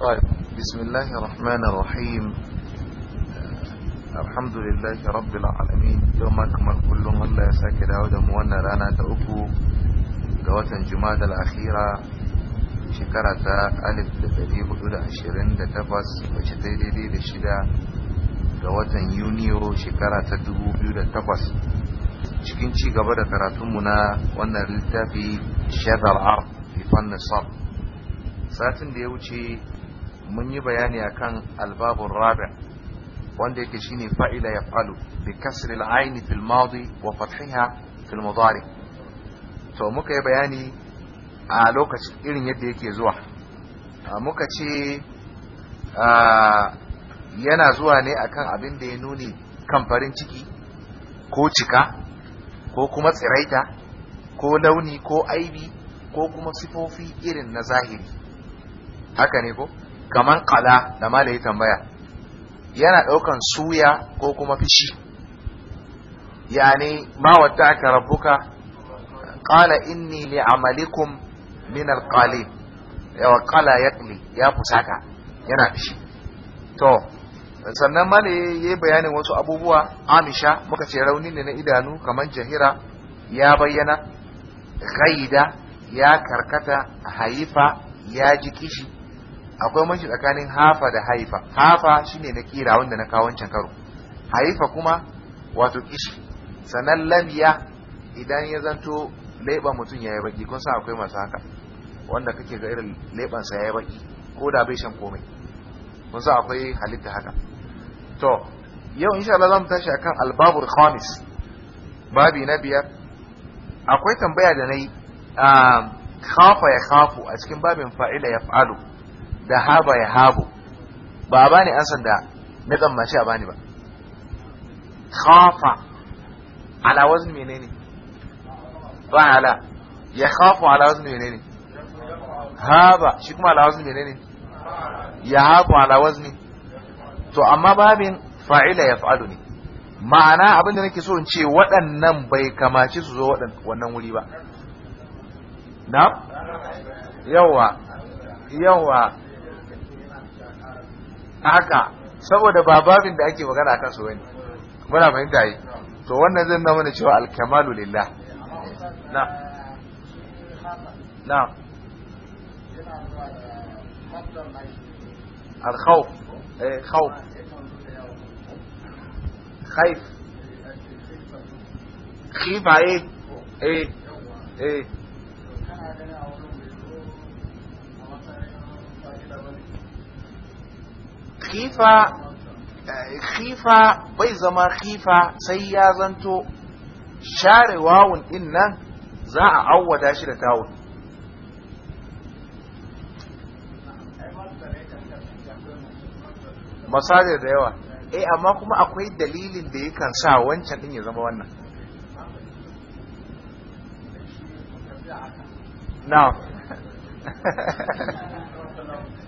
طيب بسم الله الرحمن الرحيم الحمد لله رب العالمين يوم kullum Allah ya sake dawo da mu wannan rana ta uku ga watan Jumada al-akhira shekara ta 1428 wacce daidai da shida ga watan Yuniyo shekara ta 2008 cikin ci gaba da karatunmu na wannan littafi Shadar Ard Satin da ya wuce mun yi bayani akan albabun rabi' wanda yake shine fa'ila yaf'alu bi kasr al-ayn wa fathiha fi to muka yi bayani a lokacin irin yadda yake zuwa muka ce yana zuwa ne akan abin da ya nuni kan farin ciki ko cika ko kuma tsiraita ko launi ko aibi ko kuma sifofi irin na zahiri haka ne ko kaman kala da yi tambaya yana ɗaukan suya ko kuma fishi yani ma wata aka rabuka kala inni li'amalikum min alqalin yawa qala yaqli ya fusaka yana fishi to sannan ya yi bayanin wasu abubuwa amisha muka ce rauni ne na idanu kaman jahira ya bayyana gaida ya karkata haifa ya ji kishi akwai manci tsakanin hafa da haifa hafa shine na kira wanda na kawo wancan karo haifa kuma wato kishi sanan lamiya idan ya zanto leban mutum ya yi baki kun san akwai masu haka wanda kake ga irin laibansa ya yi baki ko da bai shan komai kun san akwai halitta haka to yau insha Allah zamu tashi akan albabul khamis babi na biyar akwai tambaya da nayi ah, khafa ya khafu a cikin babin fa'ila ya fa'alu da haba ya habu ba ba ne ansan da na tsammaci a bani ba khafa ala wazn menene ala ya khafa ala wazn menene haba shi kuma ala wazn menene ya habu ala wazni to amma babin fa'ila ya yaf'alu ne ma'ana abin da nake so in ce waɗannan bai kamaci su zo wannan wuri ba na yawa yawa haka saboda ba da ake magana akan su bane muna fahimta yi to wannan zai nuna mana cewa alkamalu lillah na na الخوف eh خوف خايف خيف eh eh, eh. khifa eh, khifa bai zama khifa sai ya zanto share wawun din nan za a awwada shi da tawun masaje da yawa eh amma kuma akwai dalilin da yakan sa wancan din ya zama wannan na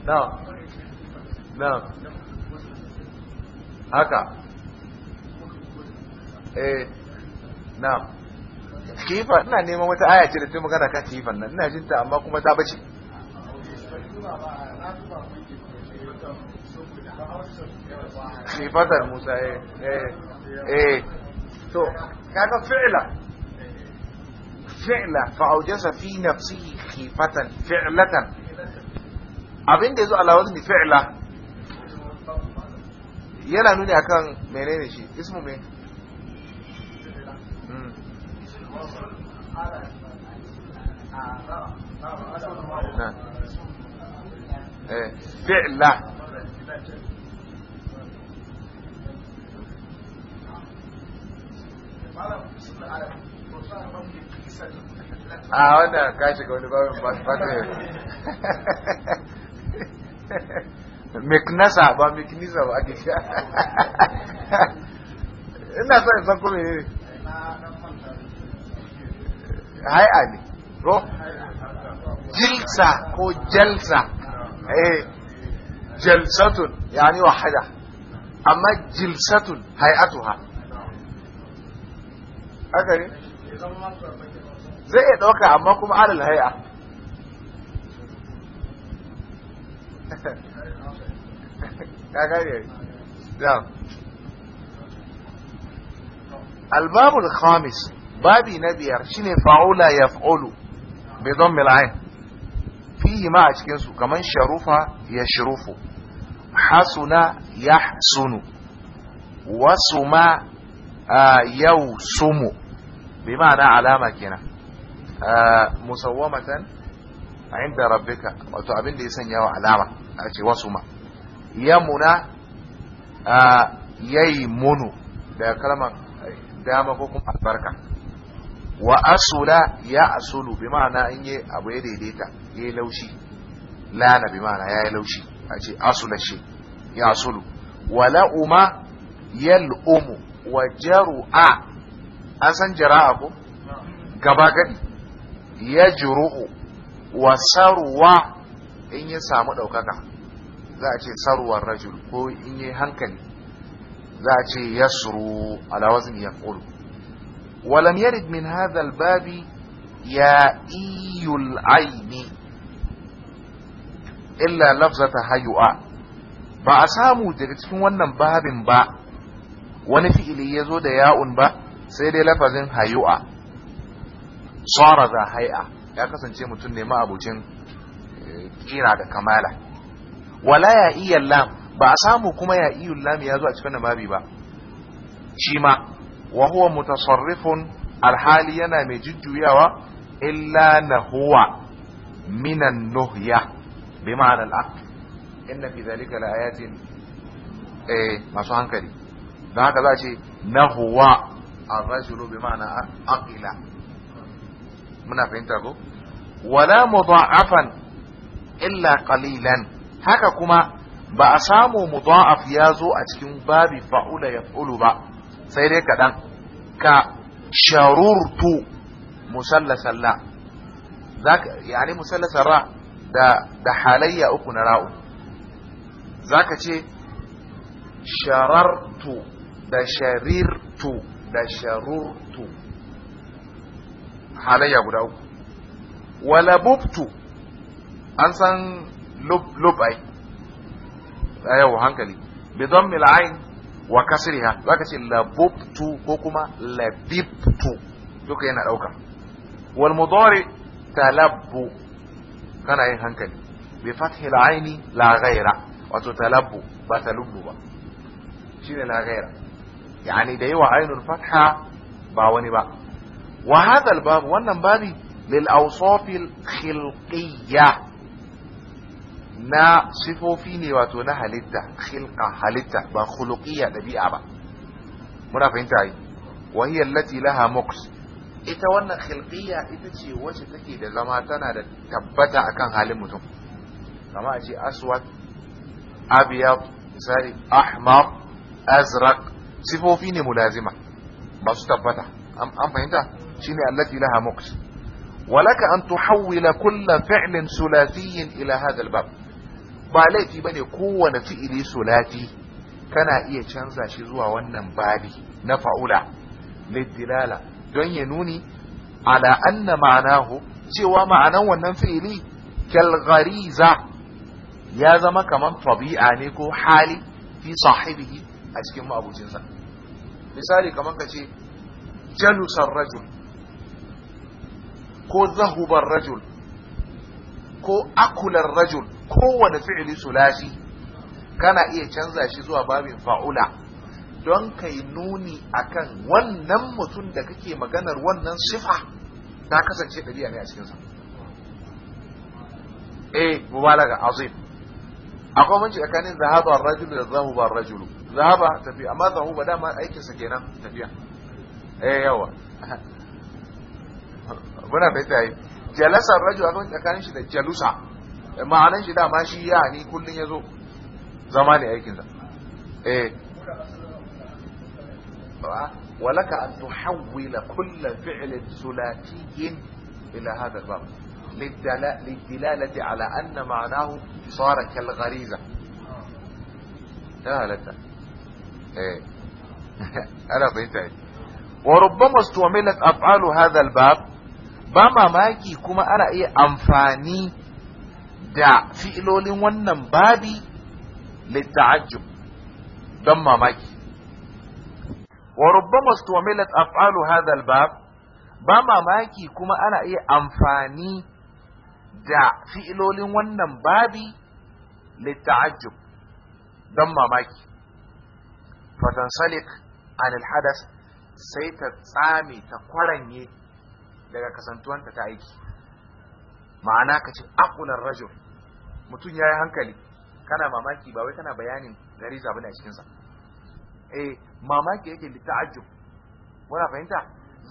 na na haka eh na kifa ina neman wata aya ce da ta magana kan kifan nan ina jinta amma kuma ta bace kifatar musa eh, eh eh to kaga fi'la fi'la fa awjasa fi nafsihi khifatan fi'latan abin da yazo ala wazni fi'la yana nuni akan menene shi ismu me hmm. eh, fi'la a ah, wannan kashi ga wani babin meknasa ba meknisa ba ake sha ina so in san kome ne a ne ro jilsa ko jelsa eh jalsatun yani wahada amma jilsatun hai'atuha aka ne zai iya ɗauka amma kuma alal hai'a نعم. الباب الخامس بابي نبي ارشين فعول يفعل بضم العين فيه ما اشكنسو كمان شروفا يشرف حسن يحسن وسما آه، يوسم بمعنى علامة كنا آه، مسومة a inda rabbika wato abin da ya sanya wa alama a ce wasu ma yamuna a yayi munu da kalmar dama ko kuma albarka wa asula ya asulu bi ma'ana in yi abu ya daidaita ya yi laushi lana bi ma'ana ya yi laushi a ce asula shi ya asulu wa la'uma wa jaru'a an san jara'a ko gaba gadi ya juru'u wa sarwa in ya samu ɗaukaka za a ce sarwar rajul ko in yi hankali za a ce ya suru wazn yaqulu wa lam yarid min hadha babi ya iyul aini illa lafzata hayu'a ba a samu daga cikin wannan babin ba wani fi'ili ya zo da ya'un ba sai dai lafazin hayu'a tsara za hai'a ya kasance mutum ne ma'abucin eh, kira da kamala wala ya iya lam ba a samu kuma ya iya lam ya zo a cikin babi ba shi ma wa huwa mutasarrifun alhali yana mai jujjuyawa illa na huwa minan nuhya bi ma'ana al'aql inna fi zalika la ayatin eh masu hankali Dan haka za a ce na huwa ar-rajulu bi ma'ana aqila muna fahimta ko wala mudha'afan illa qalilan haka kuma ba a samu mudha'af ya zo a cikin babi fa'ula yaf'ulu ba sai dai kaɗan ka sharurtu musallasan la yani musallasan ra da da halayya uku na ra'u zaka ce sharartu da sharirtu da sharurtu halayya guda uku wala bubtu an san lubai ai ayawo hankali bi dhammil ayn wa kasriha zaka ce labubtu ko kuma labibtu duka yana dauka wal mudari talabbu kana yin hankali bi fathil ayn la ghaira wato talabbu ba talubbu ba shine la ghaira yani da yawa ainul fatha ba wani ba wa hadha al bab wannan babi للأوصاف الخلقية نا صفو فيني واتو نا هلتا خلقة هلتا با خلقية نبي أبا مرا فهمتاي وهي التي لها مقص إتوانا خلقية اتتشي وش تكي لما تنا تبتا أكان هالمتو لما أجي أسود أبيض مثالي أحمر أزرق صفو فيني ملازمة بس تبتا أم, أم شيني التي لها مقص ولك أن تحول كل فعل ثلاثي إلى هذا الباب بالتي بني قوة فعل ثلاثي كان إيه تشانزا شزوا ونن بابي نفعولا للدلالة دون ينوني على أن معناه سوى معنى ونن فعلي كالغريزة يا زما كمان طبيعة نيكو حالي في صاحبه أشكي ما أبو جنزا مثالي كمان كشي جلس الرجل ko zahubar rajul ko akular rajul kowane fi'ili sulasi kana iya canza shi zuwa babin fa'ula don kai nuni akan wannan mutum da kake maganar wannan sifa ta kasance ɗabi'a ne a cikinsa eh mubalaga azim akwai manci tsakanin zahaba Rajul da zahuba Rajul. zahaba tafiya amma zahaba dama aikinsa kenan tafiya eh yawa muna fahimta yi jalasar rajul akwai tsakanin shi da jalusa eh, ma'anan shi dama shi ya ni kullun ya zo zama ne aikinsa eh ولك أن تحول كل فعل ثلاثي إلى هذا الباب للدلالة على أن معناه صار كالغريزة ثالثا إيه أنا فهمت وربما استعملت أفعال هذا الباب ba mamaki kuma ana iya amfani da fi'ilolin wannan babi litta'ajjub don mamaki wa rubbama istu'milat af'alu hadha al-bab ba mamaki kuma ana iya amfani da fi'ilolin wannan babi litta'ajjub don mamaki fatansalik anil hadas sai ta tsame ta kwaranye daga kasantuwanta ta aiki ma'ana ka ce akunan rajul mutum ya yi hankali kana mamaki ba wai kana bayanin gari zabi a cikinsa eh mamaki yake da ta'ajjub muna fahimta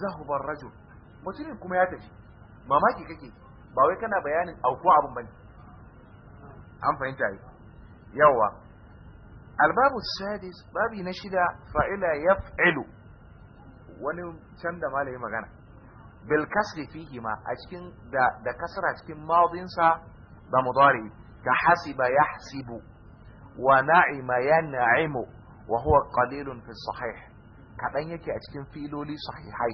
zahubar rajul mutumin kuma ya tafi mamaki kake ba wai kana bayanin aukuwa abin bane an fahimta yi yawa albabu sadis babi na shida fa'ila yaf'ilu wani canda malami magana بالكسر فيهما أشكن ده كسر أشكن ماضي سا ده مضاري كحسب يحسب ونعم ينعم وهو قليل في الصحيح كأن يكي أشكن فيلولي صحيحي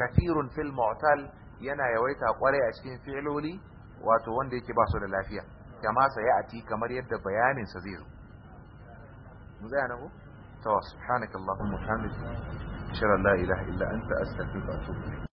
كثير في المعتل ينا يويتا قولي أشكن فيلولي وتوان ديكي باسو للافية كما سيأتي كمر يبدأ بيان سزيزو مزيانه تو سبحانك اللهم وبحمدك اشهد ان لا اله الا انت استغفرك واتوب اليك